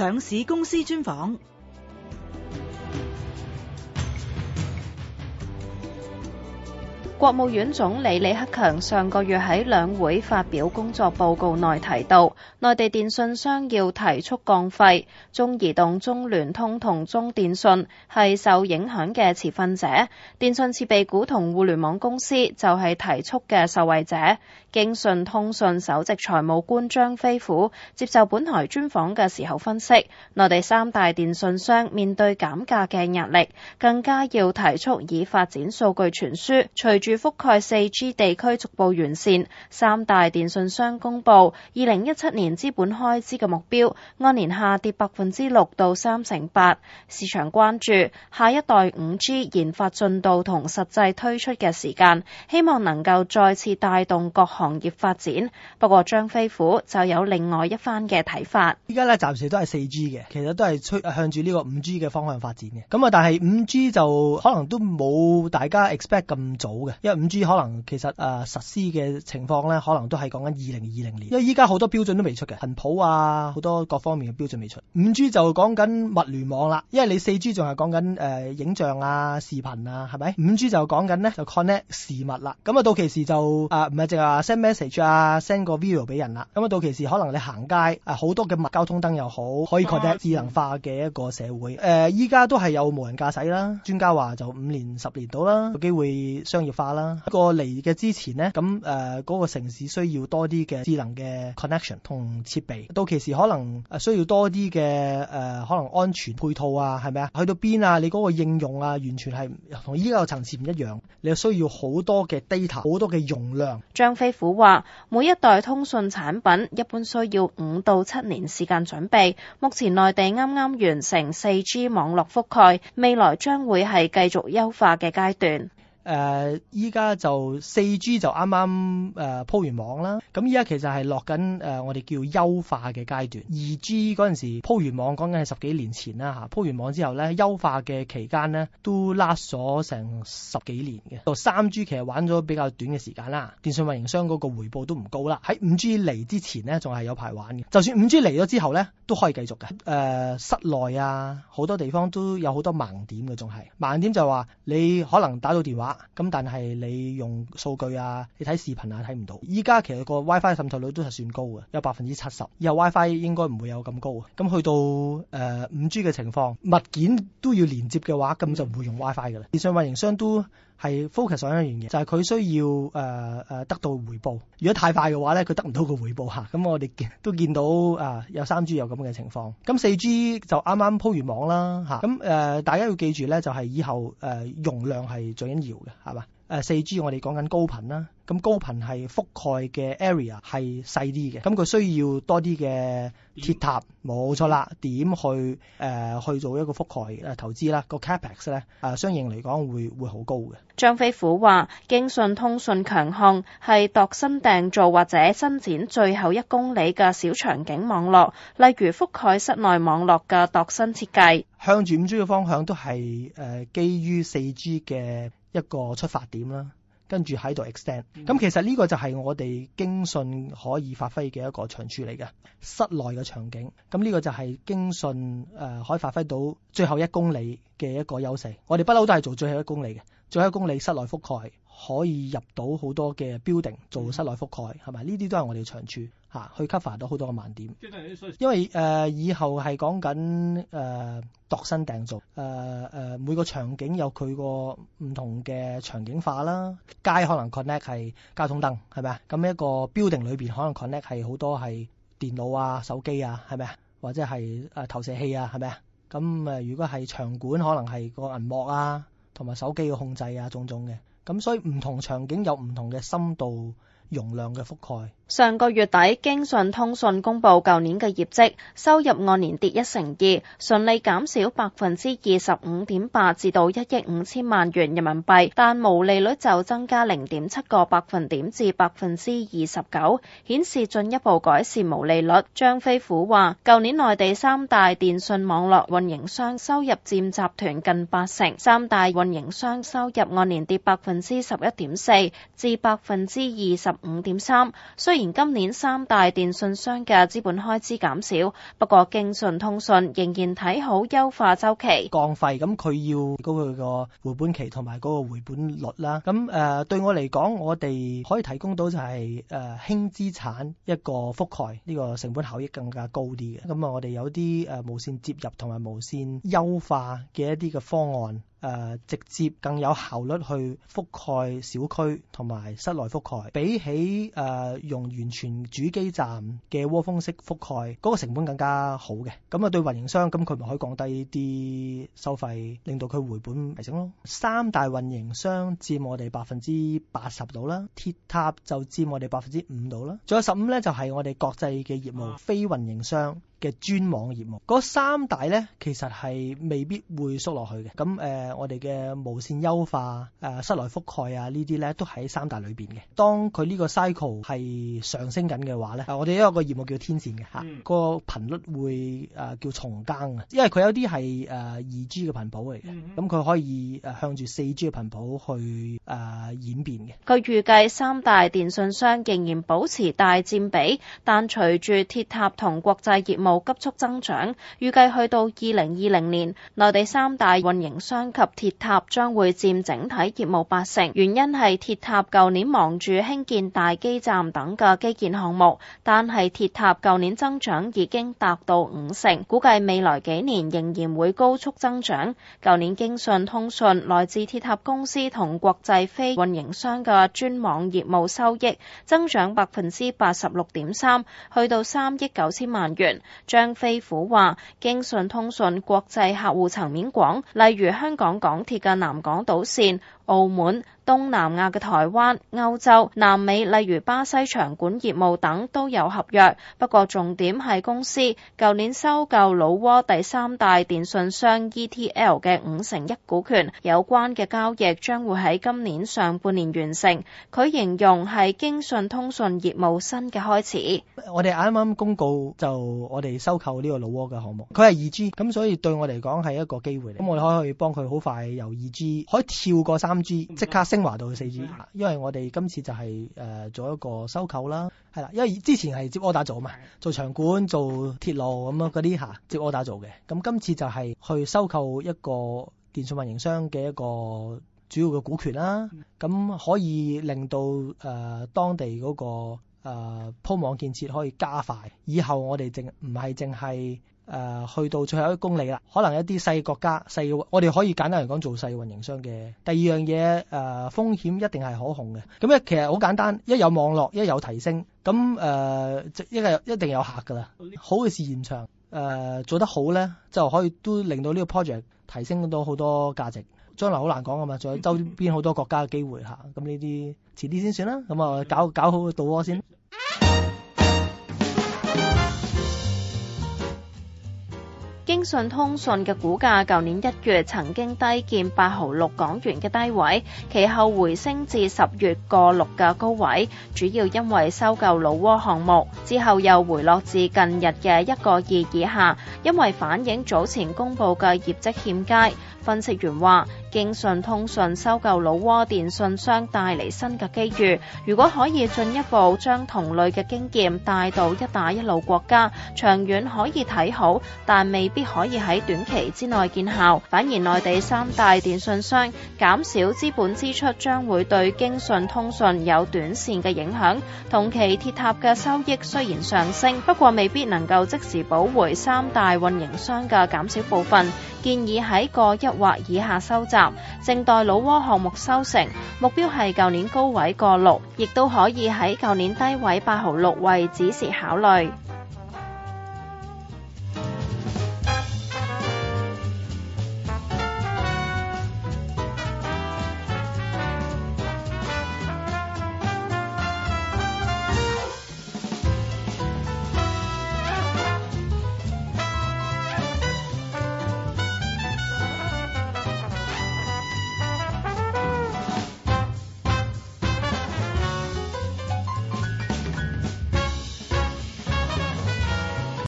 上市公司專訪。國務院總理李克強上個月喺兩會發表工作報告內提到，內地電信商要提速降費，中移動、中聯通同中電信係受影響嘅持份者，電信設備股同互聯網公司就係提速嘅受惠者。京信通信首席財務官張飛虎接受本台專訪嘅時候分析，內地三大電信商面對減價嘅壓力，更加要提速以發展數據傳輸，隨住覆蓋四 G 地區逐步完善，三大電信商公布二零一七年資本開支嘅目標，按年下跌百分之六到三成八。市場關注下一代五 G 研發進度同實際推出嘅時間，希望能夠再次帶動各行業發展。不過張飛虎就有另外一番嘅睇法。依家呢暫時都係四 G 嘅，其實都係趨向住呢個五 G 嘅方向發展嘅。咁啊，但係五 G 就可能都冇大家 expect 咁早嘅。因為五 G 可能其實誒、呃、實施嘅情況咧，可能都係講緊二零二零年。因為依家好多標準都未出嘅，頻譜啊，好多各方面嘅標準未出。五 G 就講緊物聯網啦，因為你四 G 仲係講緊誒影像啊、視頻啊，係咪？五 G 就講緊咧就 connect 事物啦。咁、嗯、啊到期時就誒唔係淨係 send message 啊，send 個 video 俾人啦。咁、嗯、啊到期時可能你行街誒好、呃、多嘅物交通燈又好，可以確定智能化嘅一個社會。誒依家都係有無人駕駛啦，專家話就五年十年到啦，有機會商業化。啦，個嚟嘅之前呢，咁誒嗰個城市需要多啲嘅智能嘅 connection 同設備，到期時可能需要多啲嘅誒，可能安全配套啊，係咪啊？去到邊啊？你嗰個應用啊，完全係同依個層次唔一樣，你需要好多嘅 data，好多嘅容量。張飛虎話：每一代通訊產品一般需要五到七年時間準備，目前內地啱啱完成四 G 網絡覆蓋，未來將會係繼續優化嘅階段。誒，依家、呃、就四 G 就啱啱誒鋪完網啦，咁依家其實係落緊誒、呃、我哋叫優化嘅階段。二 G 陣時鋪完網，講緊係十幾年前啦吓、啊，鋪完網之後咧優化嘅期間咧都 last 咗成十幾年嘅。到三 G 其實玩咗比較短嘅時間啦，電信運營商嗰個回報都唔高啦。喺五 G 嚟之前咧仲係有排玩嘅，就算五 G 嚟咗之後咧都可以繼續嘅。誒、呃，室內啊，好多地方都有好多盲點嘅，仲係盲點就話你可能打到電話。咁但係你用數據啊，你睇視頻啊睇唔到。依家其實個 WiFi 滲透率都係算高嘅，有百分之七十。以後 WiFi 應該唔會有咁高。咁去到誒五 G 嘅情況，物件都要連接嘅話，咁就唔會用 WiFi 噶啦。以上運營商都，係 focus 上一樣嘢，on thing，就係佢需要誒誒、呃、得到回報。如果太快嘅話咧，佢得唔到個回報吓。咁、啊、我哋都見到誒、啊、有三 G 有咁嘅情況，咁四 G 就啱啱鋪完網啦吓。咁誒，大家要記住咧，就係、是、以後誒、呃、容量係最緊要嘅，係嘛？誒四 G 我哋講緊高頻啦，咁高頻係覆蓋嘅 area 係細啲嘅，咁佢需要多啲嘅鐵塔，冇錯啦。點去誒、呃、去做一個覆蓋誒投資啦？個 capex 咧誒、呃，相應嚟講會會好高嘅。張飛虎話：京信通信強項係度身訂造或者伸展最後一公里嘅小場景網絡，例如覆蓋室內網絡嘅度身設計。向住五 G 嘅方向都係誒、呃，基於四 G 嘅。一個出發點啦，跟住喺度 extend、嗯。咁其實呢個就係我哋京信可以發揮嘅一個長處嚟嘅，室內嘅場景。咁呢個就係京信誒可以發揮到最後一公里嘅一個優勢。我哋不嬲都係做最後一公里嘅，最後一公里室內覆蓋。可以入到好多嘅 building 做室內覆蓋，係咪呢啲都係我哋嘅長處吓、啊、去 cover 到好多嘅盲點，因為誒、呃、以後係講緊誒度身訂做誒誒每個場景有佢個唔同嘅場景化啦。街可能 connect 係交通燈係咪啊？咁一個 building 裏邊可能 connect 係好多係電腦啊、手機啊，係咪啊？或者係誒、呃、投射器啊，係咪啊？咁誒如果係場館可能係個銀幕啊，同埋手機嘅控制啊，種種嘅。咁所以唔同場景有唔同嘅深度容量嘅覆蓋。上個月底，京信通信公布舊年嘅業績，收入按年跌一成二，純利減少百分之二十五點八至到一億五千萬元人民幣，但毛利率就增加零點七個百分點至百分之二十九，顯示進一步改善毛利率。張飛虎話，舊年內地三大電信網絡運營商收入佔集團近八成，三大運營商收入按年跌百分之十一點四至百分之二十五點三，雖今年三大電信商嘅資本開支減少，不過京信通信仍然睇好優化周期降費咁，佢要高佢個回本期同埋嗰個回本率啦。咁誒、呃，對我嚟講，我哋可以提供到就係誒輕資產一個覆蓋呢、這個成本效益更加高啲嘅。咁啊，我哋有啲誒無線接入同埋無線優化嘅一啲嘅方案。誒、呃、直接更有效率去覆蓋小區同埋室內覆蓋，比起誒、呃、用完全主基站嘅蜂窩式覆蓋，嗰、那個成本更加好嘅。咁啊對運營商，咁佢咪可以降低啲收費，令到佢回本為正咯。三大運營商佔我哋百分之八十到啦，鐵塔就佔我哋百分之五到啦，仲有十五呢，就係、是、我哋國際嘅業務非運營商，嘅專網業務，嗰三大咧其實係未必會縮落去嘅。咁誒、呃，我哋嘅無線優化、誒室內覆蓋啊呢啲咧都喺三大裏邊嘅。當佢呢個 cycle 係上升緊嘅話咧、呃，我哋有一個業務叫天線嘅嚇，嗯、個頻率會誒、呃、叫重耕啊，因為佢有啲係誒二 G 嘅頻譜嚟嘅，咁佢、嗯、可以誒向住四 G 嘅頻譜去誒、呃、演變嘅。佢預計三大電信商仍然保持大佔比，但隨住鐵塔同國際業務急速增長，預計去到二零二零年，內地三大運營商及鐵塔將會佔整體業務八成。原因係鐵塔舊年忙住興建大基站等嘅基建項目，但係鐵塔舊年增長已經達到五成，估計未來幾年仍然會高速增長。舊年京信通信、來自鐵塔公司同國際非運營商嘅專網業務收益增長百分之八十六點三，去到三億九千萬元。張飛虎話京信通信國際客戶層面廣，例如香港港鐵嘅南港島線。澳門、東南亞嘅台灣、歐洲、南美，例如巴西場館業務等都有合約。不過重點係公司舊年收購老撾第三大電信商 ETL 嘅五成一股權，有關嘅交易將會喺今年上半年完成。佢形容係京信通信業務新嘅開始。我哋啱啱公告就我哋收購呢個老撾嘅項目，佢係二 G，咁所以對我嚟講係一個機會嚟。咁我哋可以幫佢好快由二 G 可以跳過三。即刻升華到四 G，因為我哋今次就係、是、誒、呃、做一個收購啦，係啦，因為之前係接 order 做啊嘛，做場館、做鐵路咁樣嗰啲吓接 order 做嘅，咁今次就係去收購一個電信運營商嘅一個主要嘅股權啦，咁可以令到誒、呃、當地嗰、那個誒、呃、鋪網建設可以加快，以後我哋淨唔係淨係。誒、呃、去到最後一公里啦，可能一啲細國家細我哋可以簡單嚟講做細運營商嘅。第二樣嘢誒、呃、風險一定係可控嘅。咁咧其實好簡單，一有網絡，一有提升，咁誒一個一定有客噶啦。好嘅事現場誒、呃、做得好咧，就可以都令到呢個 project 提升到好多價值。將來好難講啊嘛，仲有周邊好多國家嘅機會嚇。咁呢啲遲啲先算啦，咁啊搞搞好個導播先。京信通信嘅股價舊年一月曾經低見八毫六港元嘅低位，其後回升至十月過六嘅高位，主要因為收購老撾項目，之後又回落至近日嘅一個二以下，因為反映早前公布嘅業績欠佳。分析員話，京信通信收購老撾電信商帶嚟新嘅機遇，如果可以進一步將同類嘅經驗帶到一帶一路國家，長遠可以睇好，但未必。可以喺短期之內見效，反而內地三大電信商減少資本支出，將會對京信通信有短線嘅影響。同期鐵塔嘅收益雖然上升，不過未必能夠即時補回三大運營商嘅減少部分。建議喺個一或以下收集，正待老撾項目收成，目標係舊年高位個六，亦都可以喺舊年低位八毫六為指示考慮。